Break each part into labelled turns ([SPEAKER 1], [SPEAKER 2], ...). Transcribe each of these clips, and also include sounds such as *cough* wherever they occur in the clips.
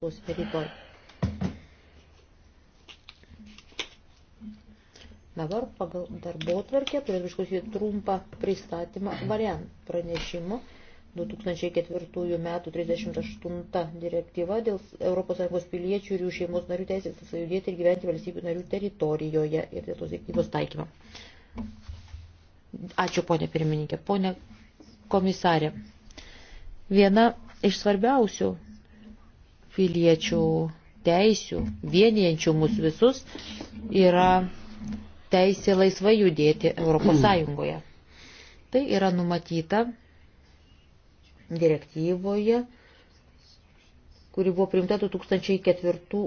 [SPEAKER 1] Ποσφαιρικών. Dabar pagal darbo tvarkę prieškusi trumpą pristatymą variant pranešimo 2004 metų 38 direktyva dėl ES piliečių ir jų šeimos narių teisės susijudėti ir gyventi valstybių narių teritorijoje ir dėl tos direktyvos taikymą. Ačiū, ponė pirmininkė. Ponė komisarė, viena iš svarbiausių piliečių teisių, vienijančių mus visus, yra teisė laisvai judėti Europos *clears throat* Sąjungoje. Tai yra numatyta direktyvoje, kuri buvo priimta 2004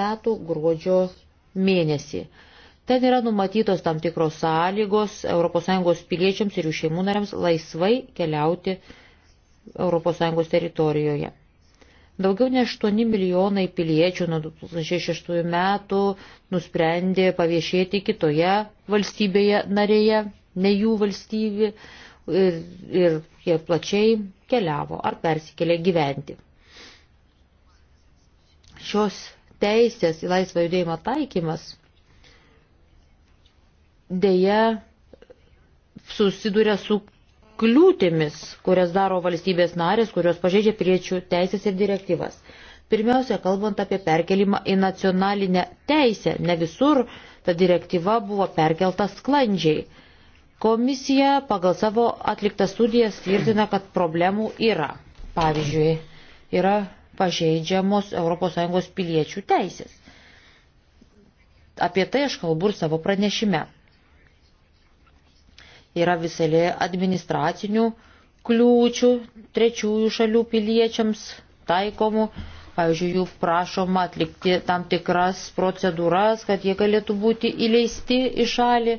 [SPEAKER 1] metų gruodžio mėnesį. Ten yra numatytos tam tikros sąlygos ES piliečiams ir jų šeimų nariams laisvai keliauti ES teritorijoje. Daugiau nei 8 milijonai piliečių nuo 2006 metų nusprendė paviešėti kitoje valstybėje narėje, ne jų valstybė, ir, ir jie plačiai keliavo ar persikėlė gyventi. Šios teisės į laisvą judėjimą taikymas dėja susiduria su kliūtimis, kurias daro valstybės narės, kurios pažeidžia priečių teisės ir direktyvas. Pirmiausia, kalbant apie perkelimą į nacionalinę teisę, ne visur ta direktyva buvo perkelta sklandžiai. Komisija pagal savo atliktą studiją tvirtina, kad problemų yra. Pavyzdžiui, yra pažeidžiamos ES piliečių teisės. Apie tai aš kalbu ir savo pranešime. Yra viselė administracinių kliūčių trečiųjų šalių piliečiams taikomų. Pavyzdžiui, jų prašoma atlikti tam tikras procedūras, kad jie galėtų būti įleisti į šalį.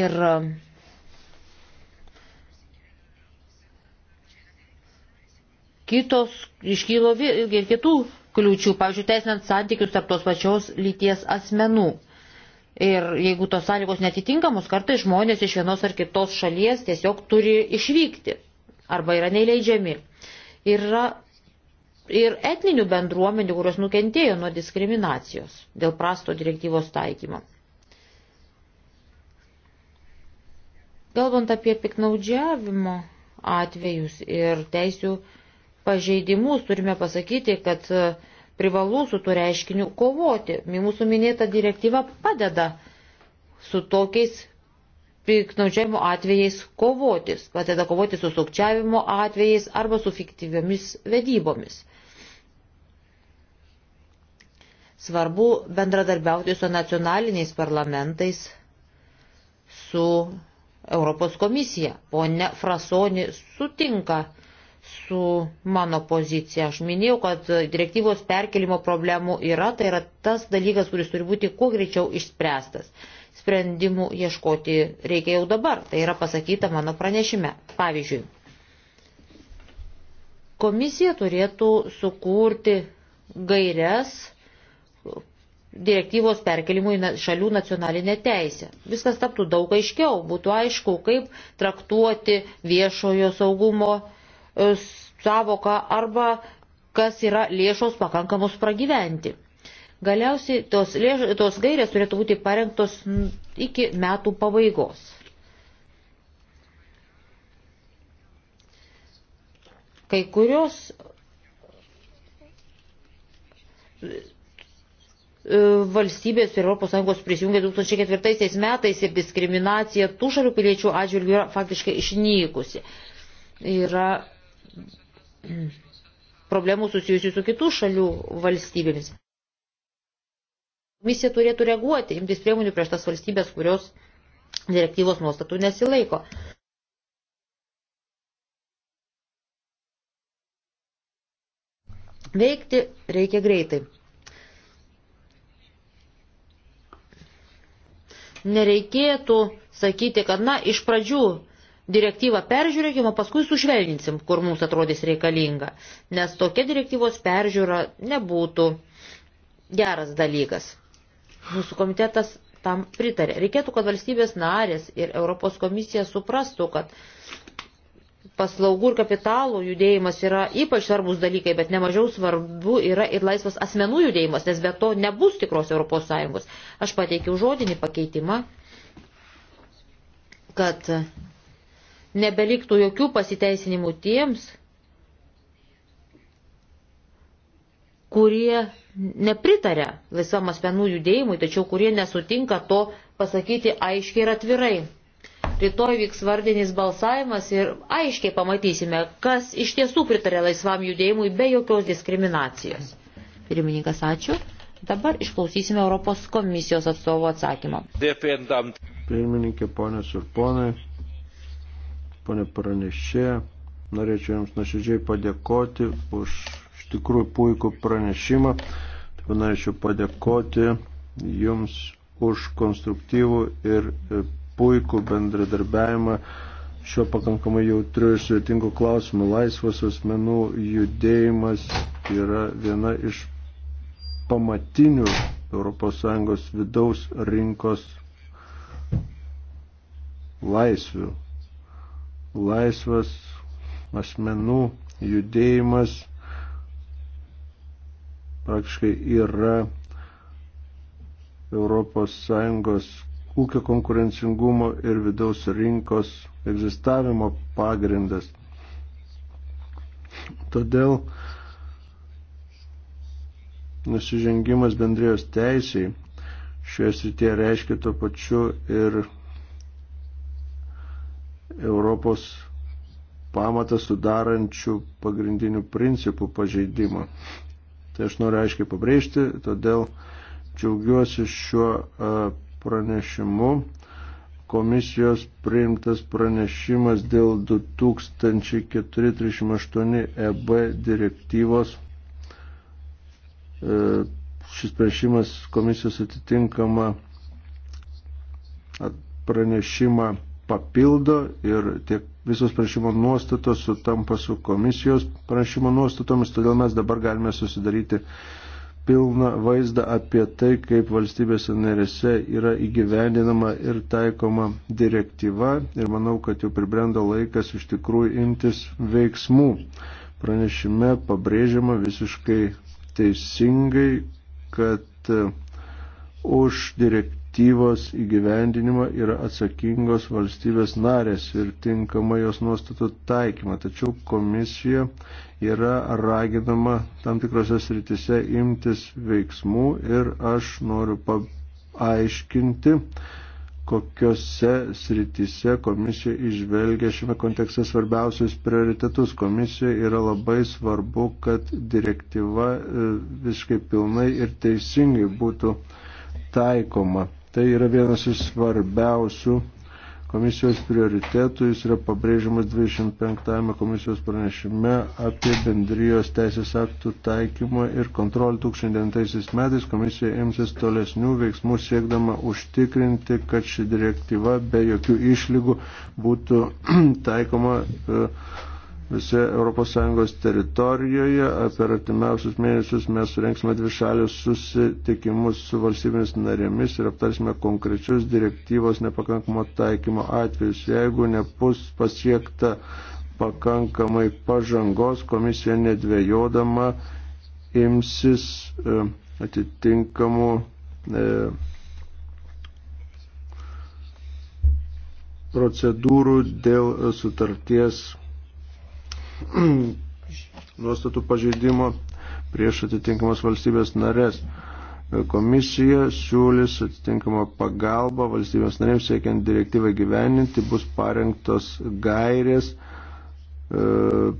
[SPEAKER 1] Ir kitos iškylo ir kitų kliūčių, pavyzdžiui, teisinant santykius tarp tos pačios lyties asmenų. Ir jeigu tos sąlygos netitinkamos, kartai žmonės iš vienos ar kitos šalies tiesiog turi išvykti arba yra neįleidžiami. Yra ir etninių bendruomenių, kurios nukentėjo nuo diskriminacijos dėl prasto direktyvos taikymo. Galvant apie piknaudžiavimo atvejus ir teisių pažeidimus, turime pasakyti, kad uh, privalu su tuo reiškiniu kovoti. Mūsų minėta direktyva padeda su tokiais piknaudžiavimo atvejais kovotis, padeda kovoti su sukčiavimo atvejais arba su fiktyviomis vedybomis. Svarbu bendradarbiauti su nacionaliniais parlamentais, su Europos komisija. Pone Frasoni sutinka su mano pozicija. Aš minėjau, kad direktyvos perkelimo problemų yra, tai yra tas dalykas, kuris turi būti kuo greičiau išspręstas. Sprendimų ieškoti reikia jau dabar, tai yra pasakyta mano pranešime. Pavyzdžiui, komisija turėtų sukurti gairias direktyvos perkelimui šalių nacionalinę teisę. Viskas taptų daug aiškiau, būtų aišku, kaip traktuoti viešojo saugumo E, savoka arba kas yra lėšos pakankamos pragyventi. Galiausiai tos, lėš, tos gairės turėtų būti parengtos iki metų pabaigos. Kai kurios e, valstybės ir ES prisijungė 2004 metais ir diskriminacija tų šalių piliečių atžvilgių yra faktiškai išnykusi. Yra problemų susijusių su kitų šalių valstybėmis. Komisija turėtų reaguoti, imtis priemonių prieš tas valstybės, kurios direktyvos nuostatų nesilaiko. Veikti reikia greitai. Nereikėtų sakyti, kad, na, iš pradžių direktyvą peržiūrėkim, o paskui sušvelninsim, kur mums atrodys reikalinga, nes tokia direktyvos peržiūra nebūtų geras dalykas. Mūsų komitetas tam pritarė. Reikėtų, kad valstybės narės ir Europos komisija suprastų, kad paslaugų ir kapitalų judėjimas yra ypač svarbus dalykai, bet nemažiau svarbu yra ir laisvas asmenų judėjimas, nes be to nebus tikros ES. Aš pateikiau žodinį pakeitimą, kad nebeliktų jokių pasiteisinimų tiems, kurie nepritarė laisvam asmenų judėjimui, tačiau kurie nesutinka to pasakyti aiškiai ir atvirai. Rytoj vyks vardinis balsavimas ir aiškiai pamatysime, kas iš tiesų pritarė laisvam judėjimui be jokios diskriminacijos. Pirmininkas, ačiū. Dabar išklausysime Europos komisijos atstovo atsakymą.
[SPEAKER 2] Pirmininkė, ponės ir ponai, ponė pranešė, norėčiau Jums nuoširdžiai padėkoti už iš tikrųjų puikų pranešimą. Taip pat norėčiau padėkoti Jums už konstruktyvų ir e, puikų bendradarbiavimą šio pakankamai jautriu ir svetingu klausimu. Laisvas asmenų judėjimas yra viena iš pamatinių ES vidaus rinkos laisvių laisvas asmenų judėjimas praktiškai yra ES ūkio konkurencingumo ir vidaus rinkos egzistavimo pagrindas. Todėl nusižengimas bendrijos teisiai šioje srityje reiškia to pačiu ir Europos pamatą sudarančių pagrindinių principų pažeidimą. Tai aš noriu aiškiai pabrėžti, todėl džiaugiuosi šiuo e, pranešimu. Komisijos priimtas pranešimas dėl 2438 EB direktyvos. E, šis pranešimas komisijos atitinkama pranešimą papildo ir tiek visos prašymo nuostatos sutampa su komisijos prašymo nuostatomis, todėl mes dabar galime susidaryti pilną vaizdą apie tai, kaip valstybėse narėse yra įgyvendinama ir taikoma direktyva ir manau, kad jau pribrendo laikas iš tikrųjų imtis veiksmų. Pranešime pabrėžiama visiškai teisingai, kad e, už direktyvą direktyvos įgyvendinimą yra atsakingos valstybės narės ir tinkama jos nuostatų taikymą. Tačiau komisija yra raginama tam tikrose sritise imtis veiksmų ir aš noriu paaiškinti, kokiose sritise komisija išvelgia šiame kontekste svarbiausius prioritetus. Komisija yra labai svarbu, kad direktyva e, visiškai pilnai ir teisingai būtų taikoma. Tai yra vienas iš svarbiausių komisijos prioritetų, jis yra pabrėžiamas 25 komisijos pranešime apie bendrijos teisės aktų taikymą ir kontrolį 2009 metais komisija imsis tolesnių veiksmų siekdama užtikrinti, kad ši direktyva be jokių išlygų būtų *clears throat* taikoma e, visoje ES teritorijoje. Per artimiausius mėnesius mes surenksime dvi šalius susitikimus su valstybėmis narėmis ir aptarsime konkrečius direktyvos nepakankamo taikymo atvejus. Jeigu nebus pasiekta pakankamai pažangos, komisija nedvėjodama imsis e, atitinkamų e, procedūrų dėl sutarties *clears throat* nuostatų pažeidimo prieš atitinkamas valstybės narės. Komisija siūlys atitinkamą pagalbą valstybės narėms siekiant direktyvą gyveninti, bus parengtos gairės e,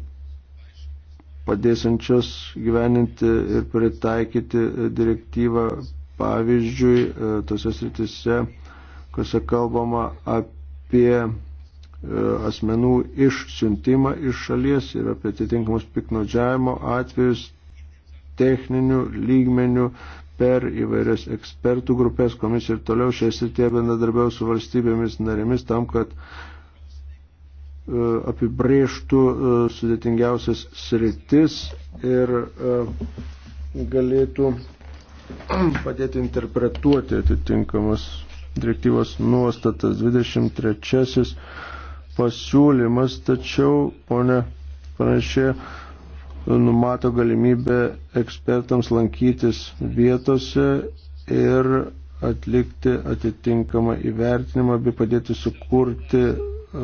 [SPEAKER 2] padėsiančios gyveninti ir pritaikyti direktyvą pavyzdžiui e, tose sritise, kuriuose kalbama apie E, asmenų išsiuntimą iš šalies ir apie atitinkamus piknaudžiavimo atvejus techninių lygmenių per įvairias ekspertų grupės komisiją ir toliau šią srityje bendradarbiau su valstybėmis narėmis tam, kad e, apibrėžtų e, sudėtingiausias sritis ir galėtų *clears throat* padėti interpretuoti atitinkamas direktyvos nuostatas 23 pasiūlymas, tačiau, ponė pranešė, numato galimybę ekspertams lankytis vietose ir atlikti atitinkamą įvertinimą, bei padėti sukurti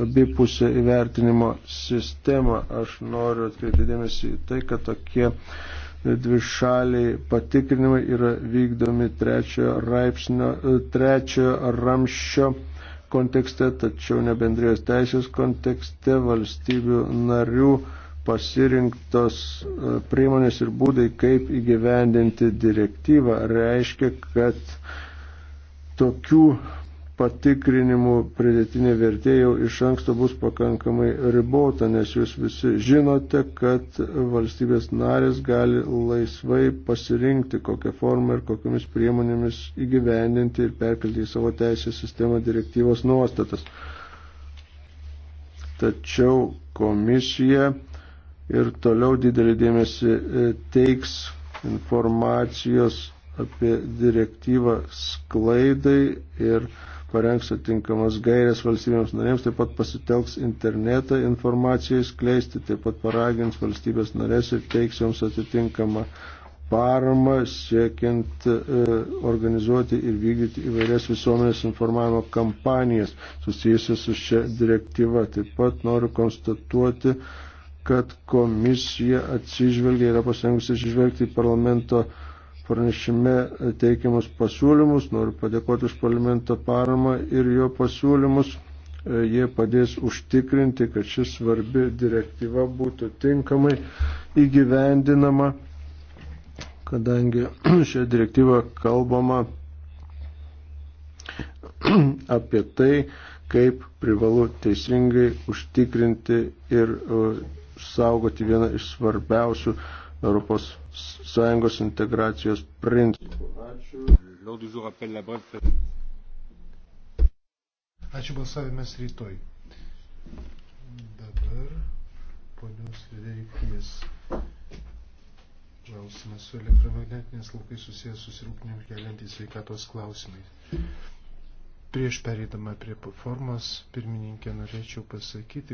[SPEAKER 2] abipusę įvertinimo sistemą. Aš noriu atkreipti dėmesį į tai, kad tokie dvišaliai patikrinimai yra vykdomi trečiojo, raipsnio, trečiojo ramščio kontekste, tačiau ne bendrijos teisės kontekste valstybių narių pasirinktos e, priemonės ir būdai, kaip įgyvendinti direktyvą, reiškia, kad tokių patikrinimų pridėtinė vertė jau iš anksto bus pakankamai ribota, nes jūs visi žinote, kad valstybės narės gali laisvai pasirinkti, kokią formą ir kokiamis priemonėmis įgyvendinti ir perkelti į savo teisės sistemą direktyvos nuostatas. Tačiau komisija ir toliau didelį dėmesį e, teiks informacijos apie direktyvą sklaidai ir parengs atinkamas gairias valstybėms narėms, taip pat pasitelks internetą informacijai skleisti, taip pat paragins valstybės narės ir teiks joms atitinkamą paramą, siekiant e, organizuoti ir vykdyti įvairias visuomenės informavimo kampanijas susijusias su šia direktyva. Taip pat noriu konstatuoti, kad komisija atsižvelgia, yra pasirengusi atsižvelgti į parlamento pranešime teikiamus pasiūlymus, noriu padėkoti už parlamento paramą ir jo pasiūlymus. E, jie padės užtikrinti, kad šis svarbi direktyva būtų tinkamai įgyvendinama, kadangi *clears throat* šią direktyvą kalbama *clears throat* apie tai, kaip privalu teisingai užtikrinti ir e, saugoti vieną iš svarbiausių uh, Europos Sąjungos integracijos principų. Ačiū.
[SPEAKER 1] Ačiū balsavimas rytoj.
[SPEAKER 2] Dabar ponios Lideikės klausimas su elektromagnetinės laukai susijęs susirūpinimu keliantys sveikatos klausimai. Prieš pereidama prie formos pirmininkė norėčiau pasakyti,